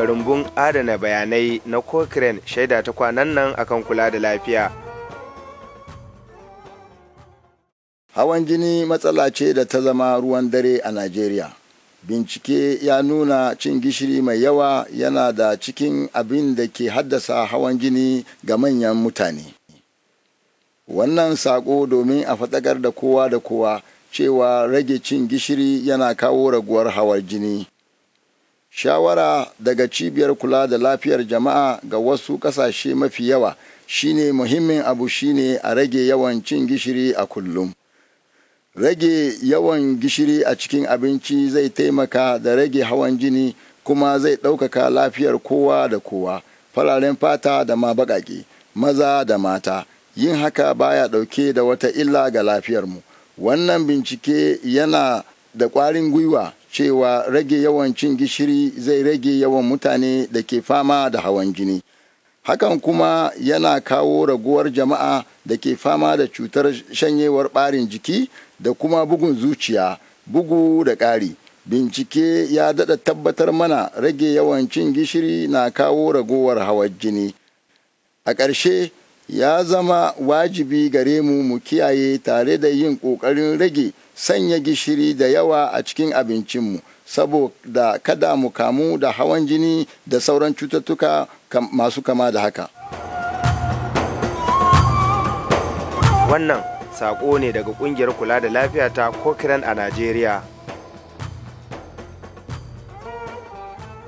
daga rumbun adana bayanai na Cochrane shaida ta kwanan nan akan kula da lafiya. Hawan jini matsala ce da ta zama ruwan dare a Najeriya. Bincike ya nuna cin gishiri mai yawa yana da cikin abin da ke haddasa hawan jini ga manyan mutane. Wannan saƙo domin a fatakar da kowa da kowa cewa rage cin gishiri yana kawo raguwar hawan jini. shawara daga cibiyar kula da lafiyar jama'a ga wasu ƙasashe mafi yawa shine muhimmin abu shine a rage yawan cin gishiri a kullum rage yawan gishiri a cikin abinci zai taimaka da rage hawan jini kuma zai ɗaukaka lafiyar kowa da kowa fararen fata da ma baƙaƙe maza da mata yin haka baya ɗauke da wata illa ga lafiyarmu wannan bincike yana da ƙwarin gwiwa cewa rage yawan cin gishiri zai rage yawan mutane da ke fama da hawan jini hakan kuma yana kawo raguwar jama'a da ke fama da cutar shanyewar ɓarin jiki da kuma bugun zuciya bugu da ƙari bincike ya daɗa tabbatar mana rage yawan cin gishiri na kawo ragowar hawan jini a ƙarshe ya zama wajibi gare mu mu kiyaye tare da yin ƙoƙarin rage sanya gishiri da yawa a cikin abincinmu saboda kada mu kamu da hawan jini da sauran cututtuka masu kama da haka. Wannan saƙo ne daga ƙungiyar kula da lafiya ta Cochrane a Najeriya.